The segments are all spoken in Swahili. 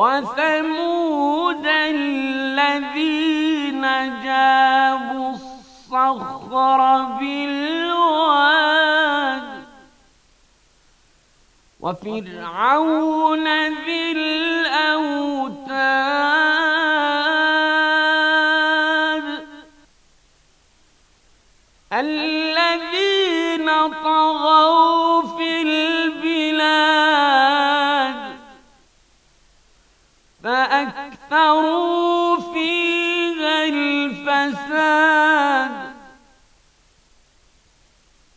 وثمود الذين جابوا الصخر بالواد وفرعون ذي الأوتاد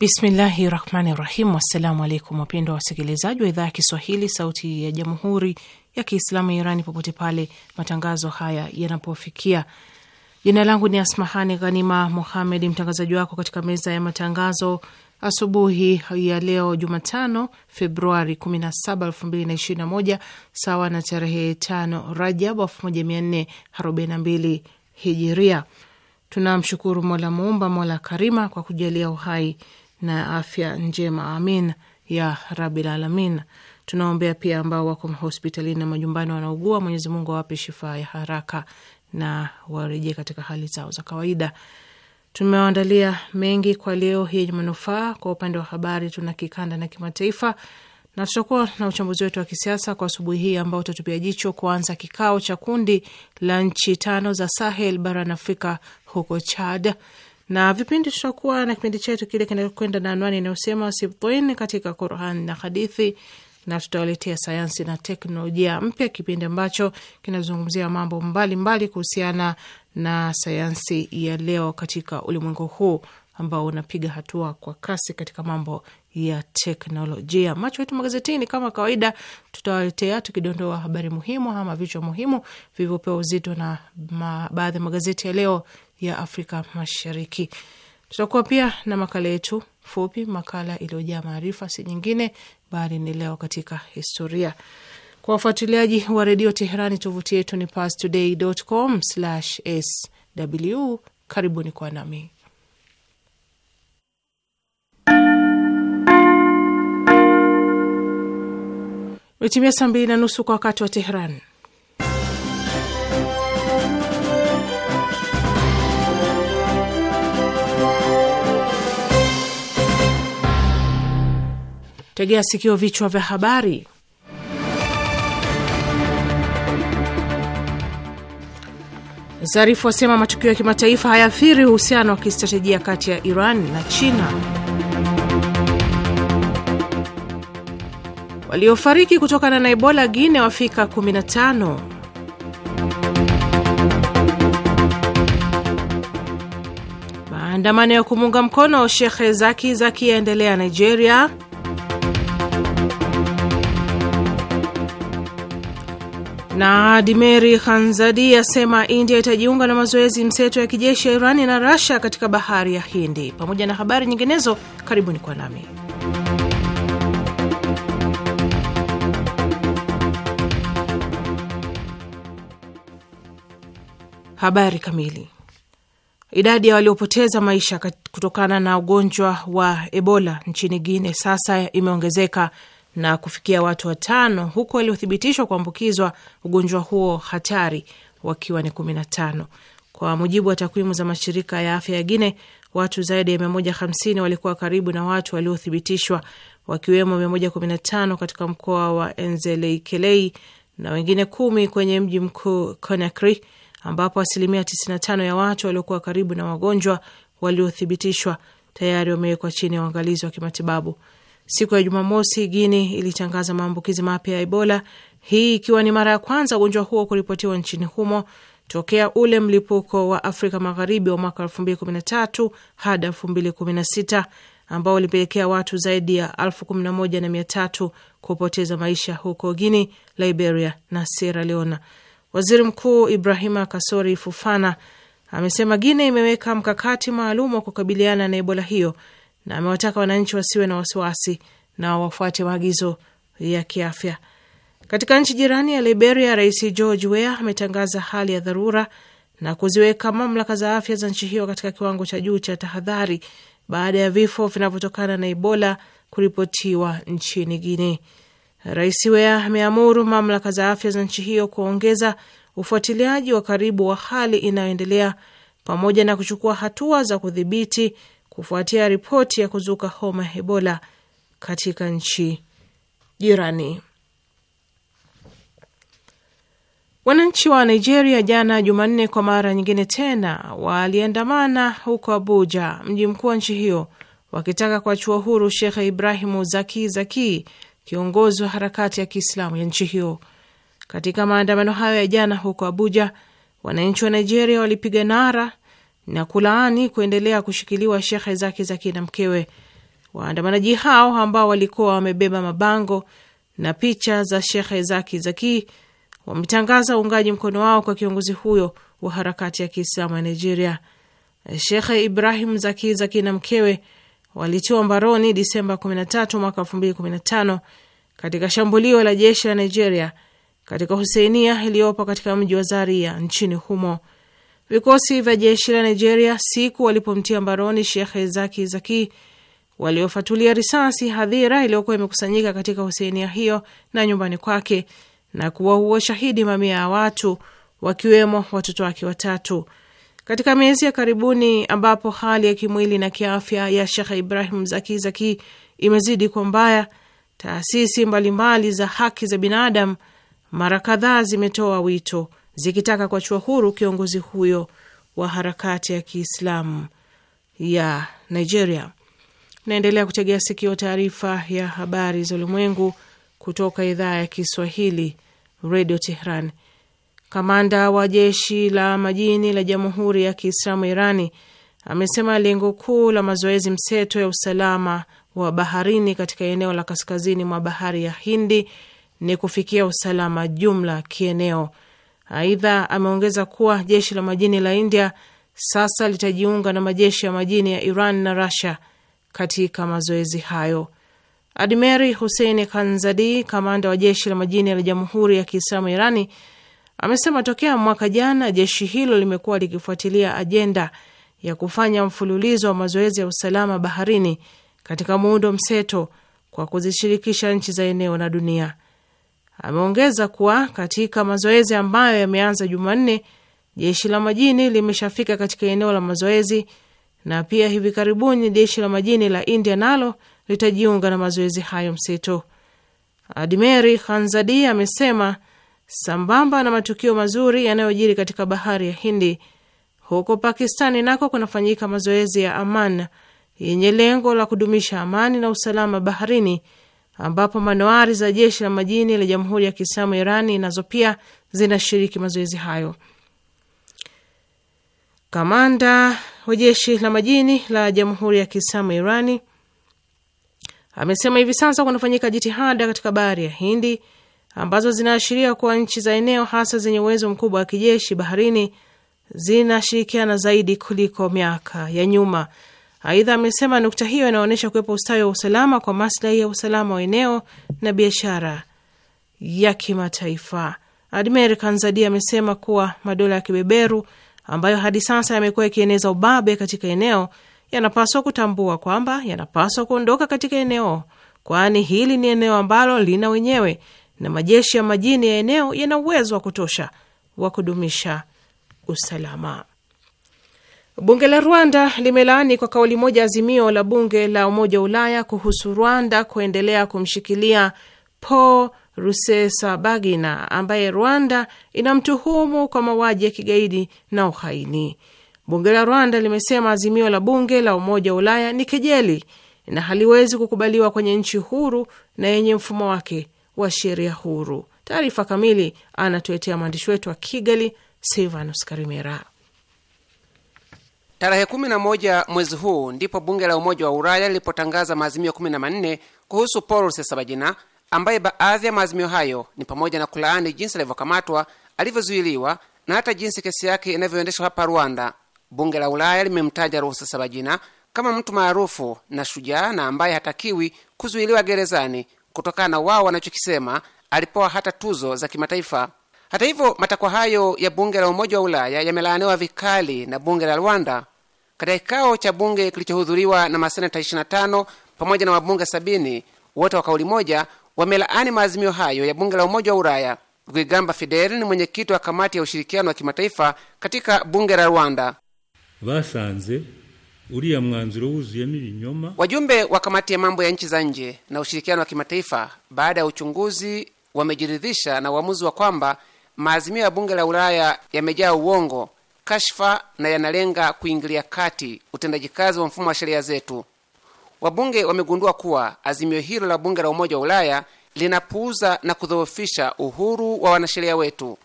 Bismillahi rahmani rahim. Wassalamu alaikum wapendwa wa wasikilizaji wa idhaa ya Kiswahili sauti ya jamhuri ya Kiislamu ya Irani popote pale matangazo haya yanapofikia. Jina langu ni Asmahani Ghanima Muhamed, mtangazaji wako katika meza ya matangazo asubuhi ya leo Jumatano Februari 17, 2021 sawa na tarehe 5 Rajab 1442 Hijiria. Tunamshukuru Mola Muumba, Mola Karima kwa kujalia uhai na afya njema, amin ya rabil alamin. Tunaombea pia ambao wako hospitalini na majumbani wanaugua, Mwenyezi Mungu awape shifa ya haraka na warejee katika hali zao za kawaida. Tumewaandalia mengi kwa leo yenye manufaa. Kwa upande wa habari, tuna kikanda na kimataifa, na tutakuwa na uchambuzi wetu wa kisiasa kwa asubuhi hii ambao utatupia jicho kuanza kikao cha kundi la nchi tano za Sahel barani Afrika huko Chad na vipindi tutakuwa na kipindi chetu kile kinachokwenda na anwani inayosema sibtin katika Qurani na hadithi, na tutawaletea sayansi na teknolojia mpya, kipindi ambacho kinazungumzia mambo mbalimbali kuhusiana na sayansi ya leo katika ulimwengu huu ambao unapiga hatua kwa kasi katika mambo ya teknolojia. Macho yetu magazetini, kama kawaida, tutawaletea tukidondoa habari muhimu ama vichwa muhimu vilivyopewa uzito na baadhi ya magazeti ya leo ya Afrika Mashariki. Tutakuwa pia na makala yetu fupi, makala iliyojaa maarifa, si nyingine bali ni leo katika historia. Kwa wafuatiliaji wa redio Teherani, tovuti yetu ni pastoday.com/sw. Karibuni kwa nami metimia saa mbili na nusu kwa wakati wa Teherani. Tegea sikio, vichwa vya habari. Zarifu asema matukio ya kimataifa hayaathiri uhusiano wa kistratejia kati ya Iran na China. Waliofariki kutokana na Ebola Guine wafika 15. Maandamano ya kumunga mkono Shekhe Zaki Zaki yaendelea Nigeria. Na Dimeri Khanzadi asema India itajiunga na mazoezi mseto ya kijeshi ya Irani na rasia katika bahari ya Hindi, pamoja na habari nyinginezo. Karibuni kwa nami habari kamili. Idadi ya waliopoteza maisha kutokana na ugonjwa wa Ebola nchini Guinea sasa imeongezeka na kufikia watu watano, huku waliothibitishwa kuambukizwa ugonjwa huo hatari wakiwa ni kumi na tano. Kwa mujibu wa takwimu za mashirika ya afya ya Gine, watu zaidi ya hamsini walikuwa karibu na watu waliothibitishwa, wakiwemo 115 katika mkoa wa enzeleikelei na wengine kumi kwenye mji mkuu Conakry, ambapo asilimia 95 ya watu waliokuwa karibu na wagonjwa waliothibitishwa tayari wamewekwa chini ya uangalizi wa kimatibabu. Siku ya Jumamosi, Guini ilitangaza maambukizi mapya ya Ebola, hii ikiwa ni mara ya kwanza ugonjwa huo kuripotiwa nchini humo tokea ule mlipuko wa Afrika Magharibi wa mwaka tatu hadi sita ambao ulipelekea watu zaidi ya elfu kumi na moja na mia tatu kupoteza maisha huko Guini, Liberia na Sierra Leona. Waziri Mkuu Ibrahima Kasori Fufana amesema guine imeweka mkakati maalum wa kukabiliana na Ebola hiyo na amewataka wananchi wasiwe na wasiwasi na wafuate maagizo ya kiafya. Katika nchi jirani ya Liberia, Rais George Weah ametangaza hali ya dharura na kuziweka mamlaka za afya za nchi hiyo katika kiwango cha juu cha tahadhari baada ya vifo vinavyotokana na Ebola kuripotiwa nchini Guine. Rais Weah ameamuru mamlaka za afya za nchi hiyo kuongeza ufuatiliaji wa karibu wa hali inayoendelea pamoja na kuchukua hatua za kudhibiti kufuatia ripoti ya kuzuka homa ya Ebola katika nchi jirani. Wananchi wa Nigeria jana Jumanne kwa mara nyingine tena waliandamana huko Abuja, mji mkuu wa nchi hiyo, wakitaka kuachua huru Shekhe Ibrahimu Zaki Zaki, kiongozi wa harakati ya Kiislamu ya nchi hiyo. Katika maandamano hayo ya jana huko Abuja, wananchi wa Nigeria walipiga nara na kulaani kuendelea kushikiliwa Shekhe zake Zaki na mkewe. Waandamanaji hao ambao walikuwa wamebeba mabango na picha za Shekhe Zaki Zaki wametangaza uungaji mkono wao kwa kiongozi huyo wa harakati ya Kiislamu ya Nigeria. Shekhe Ibrahim Zaki Zaki na mkewe walitiwa mbaroni Disemba 13 mwaka 2015 katika shambulio la jeshi la Nigeria katika Huseinia iliyopo katika mji wa Zaria nchini humo. Vikosi vya jeshi la Nigeria siku walipomtia mbaroni Shekhe Zaki Zaki waliofatulia risasi hadhira iliyokuwa imekusanyika katika husenia hiyo na nyumbani kwake na kuwaua shahidi mamia ya watu wakiwemo watoto wake watatu. Katika miezi ya karibuni ambapo hali ya kimwili na kiafya ya Shekhe Ibrahim Zaki Zaki imezidi kuwa mbaya, taasisi mbalimbali za haki za binadamu mara kadhaa zimetoa wito zikitaka kuachua huru kiongozi huyo wa harakati ya Kiislamu ya Nigeria. Naendelea kutegea sikio taarifa ya habari za ulimwengu kutoka idhaa ya Kiswahili Radio Tehran. Kamanda wa jeshi la majini la Jamhuri ya Kiislamu Irani amesema lengo kuu la mazoezi mseto ya usalama wa baharini katika eneo la kaskazini mwa bahari ya Hindi ni kufikia usalama jumla kieneo Aidha, ameongeza kuwa jeshi la majini la India sasa litajiunga na majeshi ya majini ya Iran na rusia katika mazoezi hayo. Admeri Hussein Kanzadi, kamanda wa jeshi la majini la Jamhuri ya Kiislamu Irani, amesema tokea mwaka jana jeshi hilo limekuwa likifuatilia ajenda ya kufanya mfululizo wa mazoezi ya usalama baharini katika muundo mseto kwa kuzishirikisha nchi za eneo na dunia. Ameongeza kuwa katika mazoezi ambayo yameanza Jumanne, jeshi la majini limeshafika katika eneo la mazoezi na pia hivi karibuni jeshi la majini la India nalo litajiunga na mazoezi hayo mseto. Admeri Khanzadi amesema sambamba na matukio mazuri yanayojiri katika bahari ya Hindi, huko Pakistani nako kunafanyika mazoezi ya Aman yenye lengo la kudumisha amani na usalama baharini ambapo manowari za jeshi la majini la Jamhuri ya Kiislamu Irani nazo pia zinashiriki mazoezi hayo. Kamanda wa jeshi la majini la Jamhuri ya Kiislamu Irani amesema hivi sasa kunafanyika jitihada katika bahari ya Hindi ambazo zinaashiria kuwa nchi za eneo hasa zenye uwezo mkubwa wa kijeshi baharini zinashirikiana zaidi kuliko miaka ya nyuma. Aidha amesema nukta hiyo inaonyesha kuwepo ustawi wa usalama kwa maslahi ya usalama wa eneo na biashara ya kimataifa. Admir Kanzadi amesema kuwa madola ya kibeberu ambayo hadi sasa yamekuwa yakieneza ubabe katika eneo yanapaswa kutambua kwamba yanapaswa kuondoka katika eneo, kwani hili ni eneo ambalo lina wenyewe na majeshi ya majini ya eneo yana uwezo wa kutosha wa kudumisha usalama. Bunge la Rwanda limelaani kwa kauli moja azimio la bunge la Umoja wa Ulaya kuhusu Rwanda kuendelea kumshikilia Paul Rusesabagina ambaye Rwanda inamtuhumu kwa mauaji ya kigaidi na uhaini. Bunge la Rwanda limesema azimio la bunge la Umoja wa Ulaya ni kejeli na haliwezi kukubaliwa kwenye nchi huru na yenye mfumo wake wa sheria huru. Taarifa kamili anatuletea mwandishi wetu wa Kigali, Silvanus Karimera. Tarehe 11 mwezi huu ndipo bunge la Umoja wa Ulaya lilipotangaza maazimio 14 kuhusu Paul Rusesabagina, ambaye baadhi ya maazimio hayo ni pamoja na kulaani jinsi alivyokamatwa, alivyozuiliwa na hata jinsi kesi yake inavyoendeshwa hapa Rwanda. Bunge la Ulaya limemtaja Rusesabagina kama mtu maarufu na shujaa na ambaye hatakiwi kuzuiliwa gerezani kutokana na wao wanachokisema alipewa hata tuzo za kimataifa. Hata hivyo, matakwa hayo ya bunge la Umoja wa Ulaya yamelaaniwa vikali na bunge la Rwanda katika kikao cha bunge kilichohudhuriwa na maseneta 25 pamoja na wabunge sabini, wote wa kauli moja wamelaani maazimio hayo ya bunge la Umoja wa Ulaya. Rwigamba Fidel ni mwenyekiti wa kamati ya ushirikiano wa kimataifa katika bunge la Rwanda. basanze uriya mwanzuro wuzuyemo ibinyoma. Wajumbe wa kamati ya mambo ya nchi za nje na ushirikiano wa kimataifa, baada ya uchunguzi, wamejiridhisha na uamuzi wa kwamba maazimio ya bunge la Ulaya yamejaa uongo kashfa na yanalenga kuingilia kati utendaji kazi wa mfumo wa sheria zetu. Wabunge wamegundua kuwa azimio hilo la bunge la Umoja wa Ulaya linapuuza na kudhoofisha uhuru wa wanasheria wetu.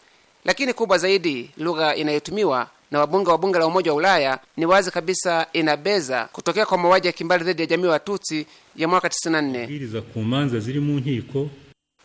Lakini kubwa zaidi, lugha inayotumiwa na wabunge wa bunge la Umoja wa Ulaya ni wazi kabisa inabeza kutokea kwa mauaji ya kimbali dhidi ya jamii ya Watutsi ya mwaka 94.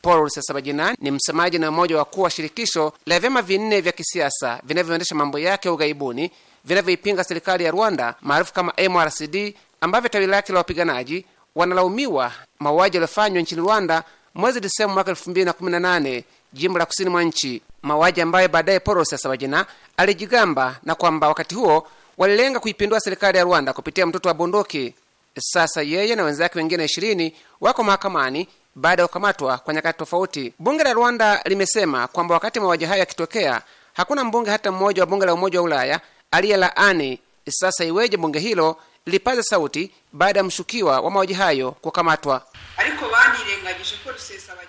Paul Rusesabagina ni msemaji na mmoja wakuu wa shirikisho la vyama vinne vya kisiasa vinavyoendesha mambo yake ughaibuni vinavyoipinga serikali ya Rwanda maarufu kama MRCD, ambavyo tawi lake la wapiganaji wanalaumiwa mauaji yaliyofanywa nchini Rwanda mwezi Disemba mwaka nane jimbo la kusini mwa nchi, mauaji ambayo baadaye Paul Rusesabagina alijigamba na kwamba wakati huo walilenga kuipindua serikali ya Rwanda kupitia mtoto wa bunduki. Sasa yeye na wenzake wengine ishirini wako mahakamani baada ya kukamatwa kwa nyakati tofauti. Bunge la Rwanda limesema kwamba wakati mauaji hayo yakitokea, hakuna mbunge hata mmoja wa bunge la Umoja wa Ulaya aliye aliyelaani. Sasa iweje bunge hilo lipaze sauti baada ya mshukiwa wa mauaji hayo kukamatwa?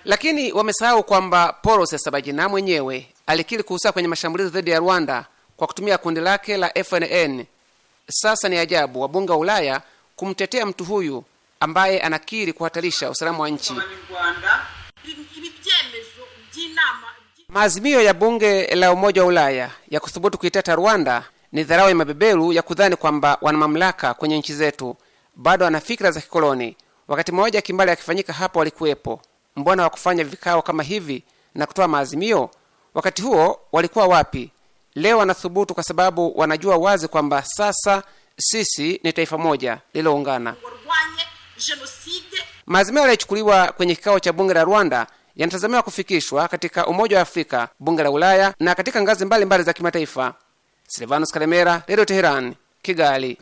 Lakini wamesahau kwamba Paul Rusesabagina mwenyewe alikiri kuhusika kwenye mashambulizi dhidi ya Rwanda kwa kutumia kundi lake la FNN. Sasa ni ajabu wabunge wa Ulaya kumtetea mtu huyu ambaye anakiri kuhatarisha usalama wa nchi. Maazimio ya bunge la Umoja wa Ulaya ya kuthubutu kuiteta Rwanda ni dharau ya mabeberu ya kudhani kwamba wana mamlaka kwenye nchi zetu, bado ana fikira za kikoloni. Wakati mmoja kimbali akifanyika hapo walikuwepo. Mbona wa kufanya vikao kama hivi na kutoa maazimio? Wakati huo walikuwa wapi? Leo wanathubutu kwa sababu wanajua wazi kwamba sasa sisi ni taifa moja lililoungana genocide. Maazimio yaliyochukuliwa kwenye kikao cha bunge la Rwanda yanatazamiwa kufikishwa katika Umoja wa Afrika, bunge la Ulaya na katika ngazi mbalimbali mbali za kimataifa. Silvanos Karemera, Radio Teheran, Kigali.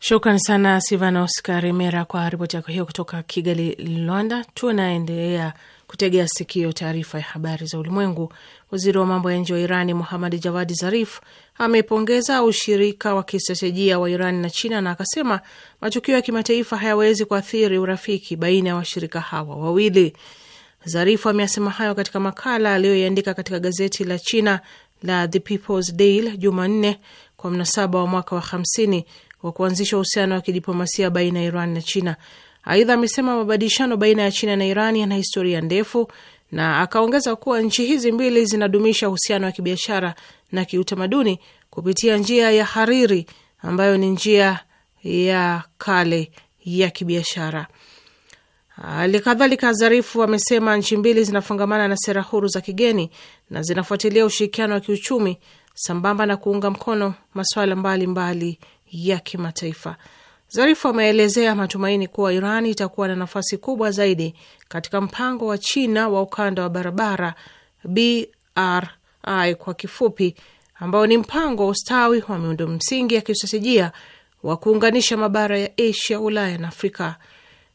Shukran sana Silvanos Karemera kwa ripoti yako hiyo kutoka Kigali, Rwanda. Tunaendelea kutegea sikio taarifa ya habari za ulimwengu Waziri wa mambo ya nje wa Irani Muhamad Jawadi Zarif amepongeza ushirika wa kistratejia wa iran na China na akasema matukio ya kimataifa hayawezi kuathiri urafiki baina ya washirika hawa wawili. Zarifu ameyasema hayo katika makala aliyoiandika katika gazeti la China la The People's Daily Jumanne kwa mnasaba wa mwaka wa 50 wa kuanzisha uhusiano wa kidiplomasia baina ya Iran na China. Aidha amesema mabadilishano baina ya China na Iran yana historia ndefu na akaongeza kuwa nchi hizi mbili zinadumisha uhusiano wa kibiashara na kiutamaduni kupitia njia ya hariri ambayo ni njia ya kale ya kibiashara. Hali kadhalika, Zarifu amesema nchi mbili zinafungamana na sera huru za kigeni na zinafuatilia ushirikiano wa kiuchumi sambamba na kuunga mkono masuala mbalimbali mbali ya kimataifa. Zarifu ameelezea matumaini kuwa Iran itakuwa na nafasi kubwa zaidi katika mpango wa China wa ukanda wa barabara BRI kwa kifupi, ambao ni mpango wa ustawi wa miundo msingi ya kistratejia wa kuunganisha mabara ya Asia, Ulaya na Afrika.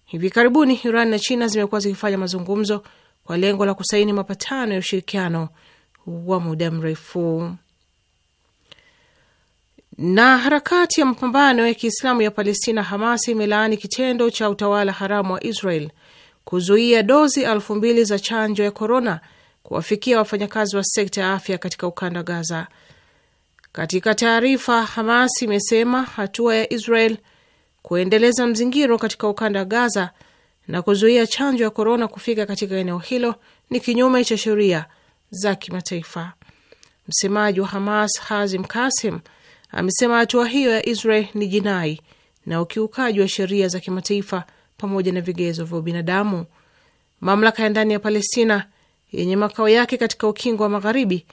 Hivi karibuni Iran na China zimekuwa zikifanya mazungumzo kwa lengo la kusaini mapatano ya ushirikiano wa muda mrefu. Na harakati ya mapambano ya Kiislamu ya Palestina, Hamas, imelaani kitendo cha utawala haramu wa Israel kuzuia dozi elfu mbili za chanjo ya korona kuwafikia wafanyakazi wa sekta ya afya katika ukanda wa Gaza. Katika taarifa, Hamas imesema hatua ya Israel kuendeleza mzingiro katika ukanda wa Gaza na kuzuia chanjo ya korona kufika katika eneo hilo ni kinyume cha sheria za kimataifa. Msemaji wa Hamas Hazim Kasim amesema hatua hiyo ya Israel ni jinai na ukiukaji wa sheria za kimataifa pamoja na vigezo vya ubinadamu. Mamlaka ya ndani ya Palestina yenye makao yake katika ukingo wa Magharibi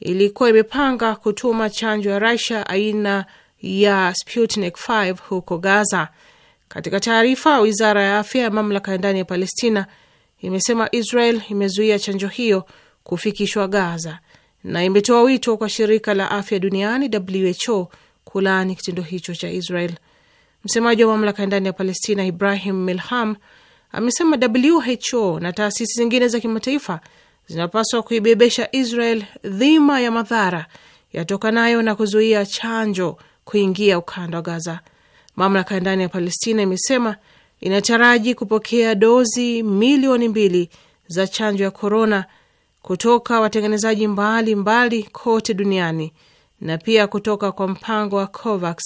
ilikuwa imepanga kutuma chanjo ya Rasia aina ya Sputnik 5 huko Gaza. Katika taarifa, wizara ya afya ya mamlaka ya ndani ya Palestina imesema Israel imezuia chanjo hiyo kufikishwa Gaza na imetoa wito kwa shirika la afya duniani WHO kulaani kitendo hicho cha Israel. Msemaji wa mamlaka ya ndani ya Palestina Ibrahim Milham amesema WHO na taasisi zingine za kimataifa zinapaswa kuibebesha Israel dhima ya madhara yatokanayo na kuzuia chanjo kuingia ukanda wa Gaza. Mamlaka ya ndani ya Palestina imesema inataraji kupokea dozi milioni mbili za chanjo ya korona kutoka watengenezaji mbalimbali kote duniani na pia kutoka kwa mpango wa COVAX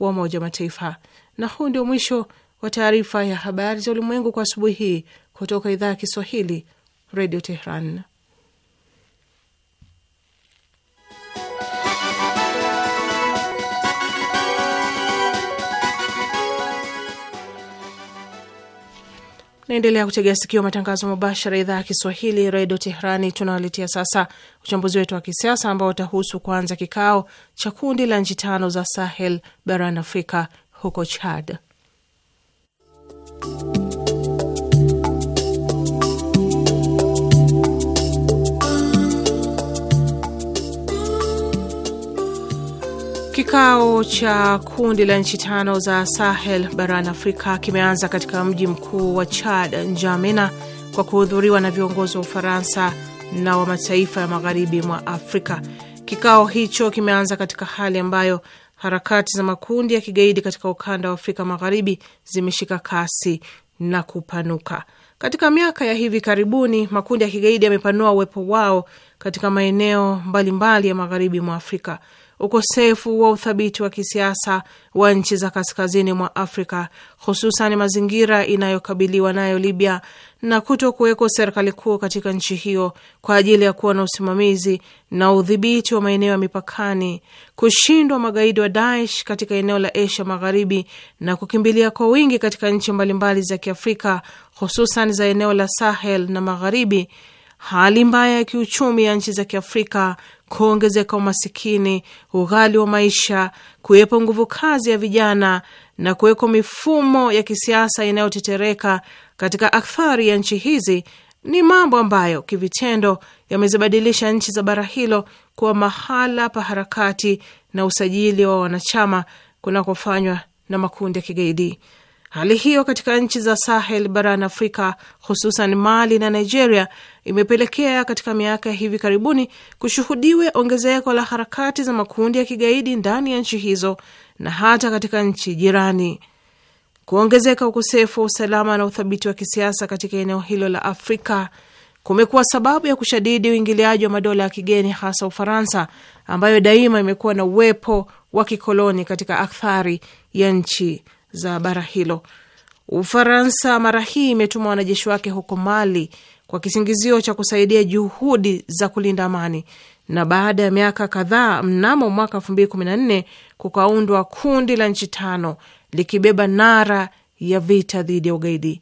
wa Umoja wa Mataifa. Na huu ndio mwisho wa taarifa ya habari za ulimwengu kwa asubuhi hii kutoka idhaa ya Kiswahili, Redio Tehran. Naendelea kutegea sikio matangazo mubashara idhaa ya Kiswahili redio Teherani. Tunawaletea sasa uchambuzi wetu wa kisiasa ambao utahusu kuanza kikao cha kundi la nchi tano za Sahel barani Afrika huko Chad. Kikao cha kundi la nchi tano za Sahel barani Afrika kimeanza katika mji mkuu wa Chad, Njamena, kwa kuhudhuriwa na viongozi wa Ufaransa na wa mataifa ya magharibi mwa Afrika. Kikao hicho kimeanza katika hali ambayo harakati za makundi ya kigaidi katika ukanda wa Afrika magharibi zimeshika kasi na kupanuka. Katika miaka ya hivi karibuni, makundi ya kigaidi yamepanua uwepo wao katika maeneo mbalimbali ya magharibi mwa Afrika ukosefu wa uthabiti wa kisiasa wa nchi za kaskazini mwa Afrika, hususan mazingira inayokabiliwa nayo Libya na kuto kuweko serikali kuu katika nchi hiyo kwa ajili ya kuwa na usimamizi na udhibiti wa maeneo ya mipakani, kushindwa magaidi wa Daesh katika eneo la Asia Magharibi na kukimbilia kwa wingi katika nchi mbalimbali za Kiafrika, hususan za eneo la Sahel na Magharibi, hali mbaya ya kiuchumi ya nchi za Kiafrika kuongezeka umasikini, ughali wa maisha, kuwepo nguvu kazi ya vijana na kuwekwa mifumo ya kisiasa inayotetereka katika akthari ya nchi hizi ni mambo ambayo kivitendo yamezibadilisha nchi za bara hilo kuwa mahala pa harakati na usajili wa wanachama kunakofanywa na makundi ya kigaidi. Hali hiyo katika nchi za Sahel barani Afrika, hususan Mali na Nigeria, imepelekea katika miaka ya hivi karibuni kushuhudiwe ongezeko la harakati za makundi ya kigaidi ndani ya nchi hizo na hata katika nchi jirani. Kuongezeka ukosefu wa usalama na uthabiti wa kisiasa katika eneo hilo la Afrika kumekuwa sababu ya kushadidi uingiliaji wa madola ya kigeni, hasa Ufaransa ambayo daima imekuwa na uwepo wa kikoloni katika akthari ya nchi za bara hilo. Ufaransa mara hii imetuma wanajeshi wake huko Mali kwa kisingizio cha kusaidia juhudi za kulinda amani, na baada ya miaka kadhaa, mnamo mwaka nne kukaundwa kundi la nchi tano likibeba nara ya vita dhidi ya ugaidi.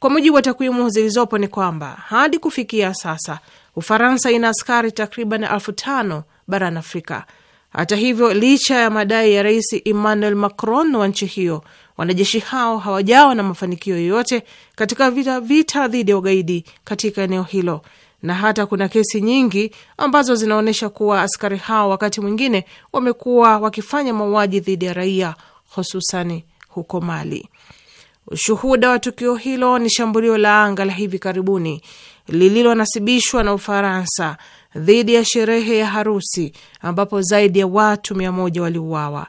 Kwa mujibu wa takwimu zilizopo ni kwamba hadi kufikia sasa Ufaransa ina askari takriban elfu tano barani Afrika. Hata hivyo, licha ya madai ya Rais Emmanuel Macron wa nchi hiyo Wanajeshi hao hawajawa na mafanikio yoyote katika vita vita dhidi ya ugaidi katika eneo hilo, na hata kuna kesi nyingi ambazo zinaonyesha kuwa askari hao wakati mwingine wamekuwa wakifanya mauaji dhidi ya raia, hususani huko Mali. Ushuhuda wa tukio hilo ni shambulio la anga la hivi karibuni lililonasibishwa na Ufaransa dhidi ya sherehe ya harusi ambapo zaidi ya watu mia moja waliuawa.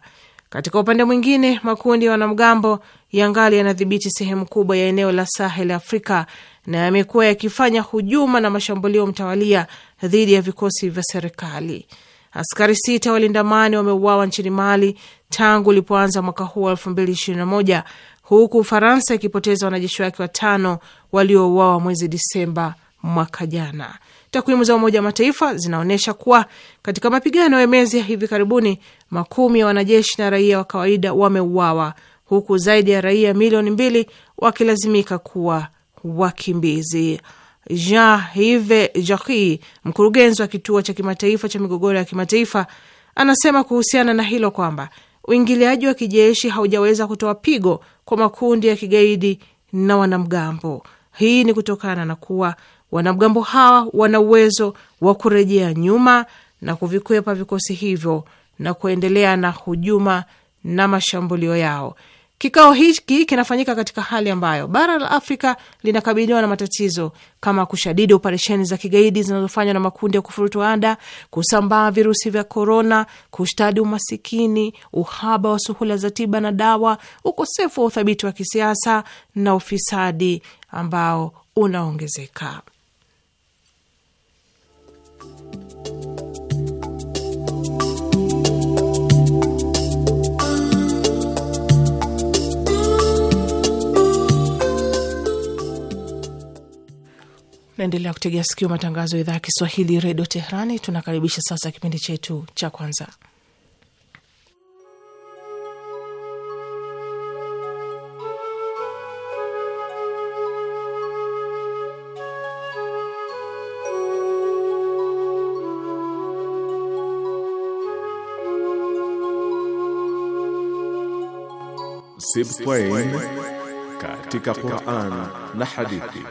Katika upande mwingine, makundi ya wanamgambo yangali yanadhibiti sehemu kubwa ya eneo la Sahel Afrika na yamekuwa yakifanya hujuma na mashambulio mtawalia dhidi ya vikosi vya serikali. Askari sita walindamani wameuawa nchini Mali tangu ulipoanza mwaka huu wa 2021 huku Ufaransa ikipoteza wanajeshi wake watano waliouawa mwezi Disemba mwaka jana. Takwimu za Umoja wa Mataifa zinaonyesha kuwa katika mapigano ya miezi ya hivi karibuni, makumi ya wanajeshi na raia wa kawaida wameuawa, huku zaidi ya raia milioni mbili wakilazimika kuwa wakimbizi. Jean Yves Jacqui, mkurugenzi wa kituo cha kimataifa cha migogoro ya kimataifa, anasema kuhusiana na hilo kwamba uingiliaji wa kijeshi haujaweza kutoa pigo kwa makundi ya kigaidi na wanamgambo. Hii ni kutokana na kuwa Wanamgambo hawa wana uwezo wa kurejea nyuma na kuvikwepa vikosi hivyo na kuendelea na hujuma na mashambulio yao. Kikao hiki kinafanyika katika hali ambayo bara la Afrika linakabiliwa na matatizo kama kushadidi operesheni za kigaidi zinazofanywa na makundi ya kufurutu ada, kusambaa virusi vya korona, kushtadi umasikini, uhaba wa suhula za tiba na dawa, ukosefu wa uthabiti wa kisiasa na ufisadi ambao unaongezeka. Naendelea kutegea sikio matangazo ya idhaa ya Kiswahili redio Teherani. Tunakaribisha sasa kipindi chetu cha kwanza, Sibtain katika Quran na Hadithi.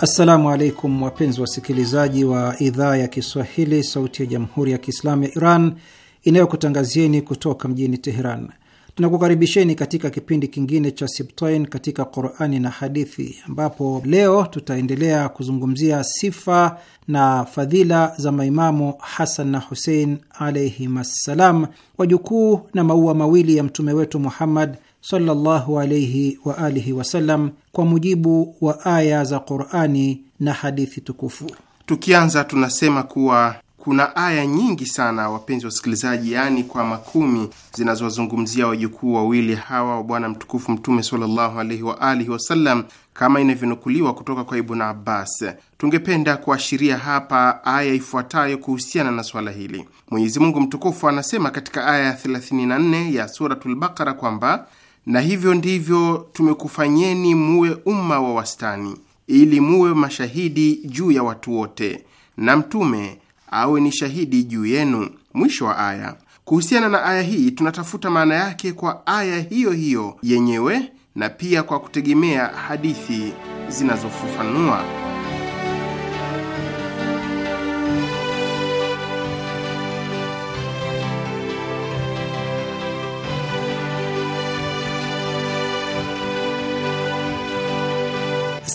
Assalamu alaikum wapenzi wasikilizaji wa idhaa ya Kiswahili, sauti ya jamhuri ya kiislamu ya Iran inayokutangazieni kutoka mjini Teheran. Tunakukaribisheni katika kipindi kingine cha Sibtain katika Qurani na Hadithi, ambapo leo tutaendelea kuzungumzia sifa na fadhila za maimamu Hasan na Husein alaihim assalam, wajukuu na maua mawili ya mtume wetu Muhammad sallallahu alayhi wa alihi wasallam kwa mujibu wa aya za Qurani na hadithi tukufu. Tukianza tunasema kuwa kuna aya nyingi sana, wapenzi wa wasikilizaji, yaani kwa makumi, zinazowazungumzia wajukuu wawili hawa wa Bwana mtukufu Mtume sallallahu alaihi wa alihi wasallam kama inavyonukuliwa kutoka kwa Ibnu Abbas. Tungependa kuashiria hapa aya ifuatayo kuhusiana na swala hili. Mwenyezi Mungu mtukufu anasema katika aya ya 34 ya Suratul Baqara kwamba na hivyo ndivyo tumekufanyeni muwe umma wa wastani, ili muwe mashahidi juu ya watu wote, na mtume awe ni shahidi juu yenu. Mwisho wa aya. Kuhusiana na aya hii, tunatafuta maana yake kwa aya hiyo hiyo yenyewe na pia kwa kutegemea hadithi zinazofafanua.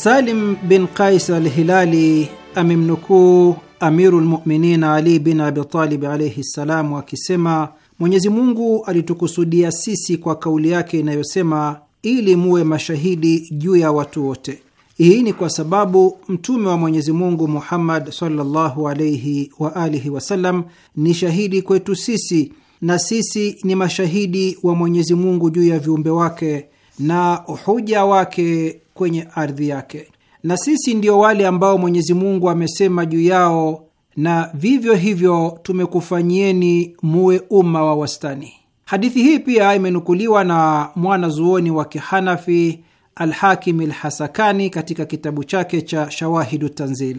Salim bin Qais Alhilali amemnukuu Amiru lmuminin Ali bin Abitalib alaihi ssalam akisema Mwenyezi Mungu alitukusudia sisi kwa kauli yake inayosema ili muwe mashahidi juu ya watu wote. Hii ni kwa sababu mtume wa Mwenyezi Mungu Muhammad sallallahu alaihi wa alihi wasallam ni shahidi kwetu sisi na sisi ni mashahidi wa Mwenyezi Mungu juu ya viumbe wake na hoja wake kwenye ardhi yake, na sisi ndio wale ambao Mwenyezi Mungu amesema juu yao, na vivyo hivyo tumekufanyieni muwe umma wa wastani. Hadithi hii pia imenukuliwa na mwanazuoni wa kihanafi Alhakim lhasakani katika kitabu chake cha Shawahidu Tanzil.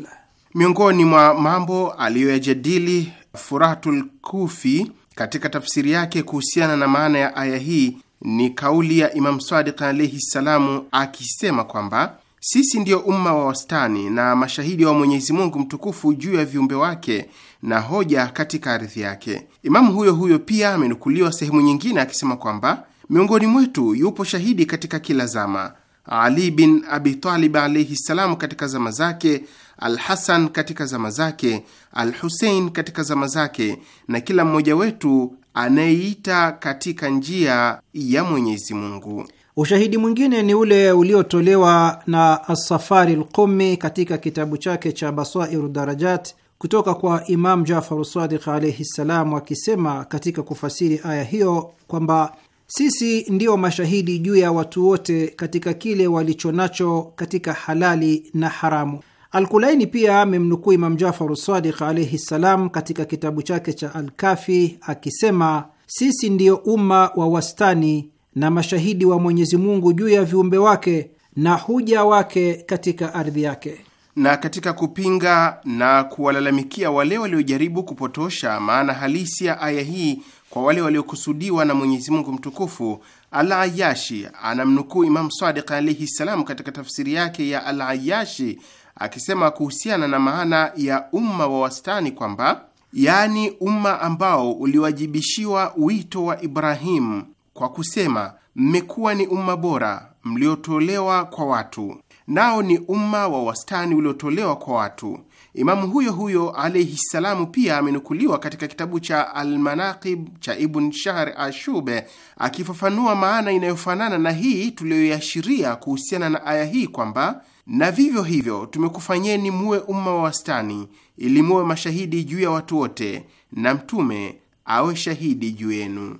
Miongoni mwa mambo aliyoyajadili furatulkufi katika tafsiri yake kuhusiana na maana ya aya hii ni kauli ya Imamu Sadiq alaihi ssalamu akisema kwamba sisi ndiyo umma wa wastani na mashahidi wa Mwenyezi Mungu mtukufu juu ya viumbe wake na hoja katika ardhi yake. Imamu huyo huyo pia amenukuliwa sehemu nyingine akisema kwamba miongoni mwetu yupo shahidi katika kila zama, Ali bin Abi Talib alaihi ssalamu katika zama zake, Al-Hasan katika zama zake, Al-Husein katika zama zake, na kila mmoja wetu anayeita katika njia ya Mwenyezi Mungu. Ushahidi mwingine ni ule uliotolewa na Asafari Lqumi katika kitabu chake cha Basairu Darajat kutoka kwa Imam Jafaru Sadiq alaihi ssalam, akisema katika kufasiri aya hiyo kwamba sisi ndiyo mashahidi juu ya watu wote katika kile walicho nacho katika halali na haramu Alkulaini pia amemnukuu Imam Jafar Sadiq alaihi ssalam katika kitabu chake cha Alkafi akisema, sisi ndiyo umma wa wastani na mashahidi wa Mwenyezi Mungu juu ya viumbe wake na huja wake katika ardhi yake. Na katika kupinga na kuwalalamikia wale waliojaribu kupotosha maana halisi ya aya hii kwa wale waliokusudiwa na Mwenyezi Mungu mtukufu, Al-Ayashi anamnukuu Imam Sadiq alaihi ssalam katika tafsiri yake ya Al-Ayashi akisema kuhusiana na maana ya umma wa wastani kwamba yaani umma ambao uliwajibishiwa wito wa Ibrahimu kwa kusema, mmekuwa ni umma bora mliotolewa kwa watu, nao ni umma wa wastani uliotolewa kwa watu. Imamu huyo huyo alaihi ssalamu pia amenukuliwa katika kitabu cha Almanaqib cha Ibn Shahr Ashube akifafanua maana inayofanana na hii tuliyoiashiria kuhusiana na aya hii kwamba na vivyo hivyo tumekufanyeni muwe umma wa wastani, ili muwe mashahidi juu ya watu wote, na mtume awe shahidi juu yenu.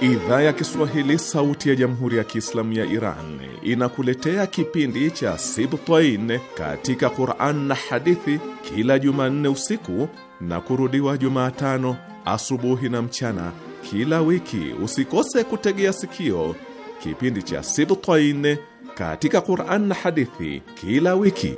Idhaa ya Kiswahili, Sauti ya Jamhuri ya Kiislamu ya Iran inakuletea kipindi cha Sibtain katika Quran na hadithi kila Jumanne usiku na kurudiwa Jumatano asubuhi na mchana kila wiki. Usikose kutegea sikio kipindi cha Sibtain katika Qur'an na hadithi kila wiki.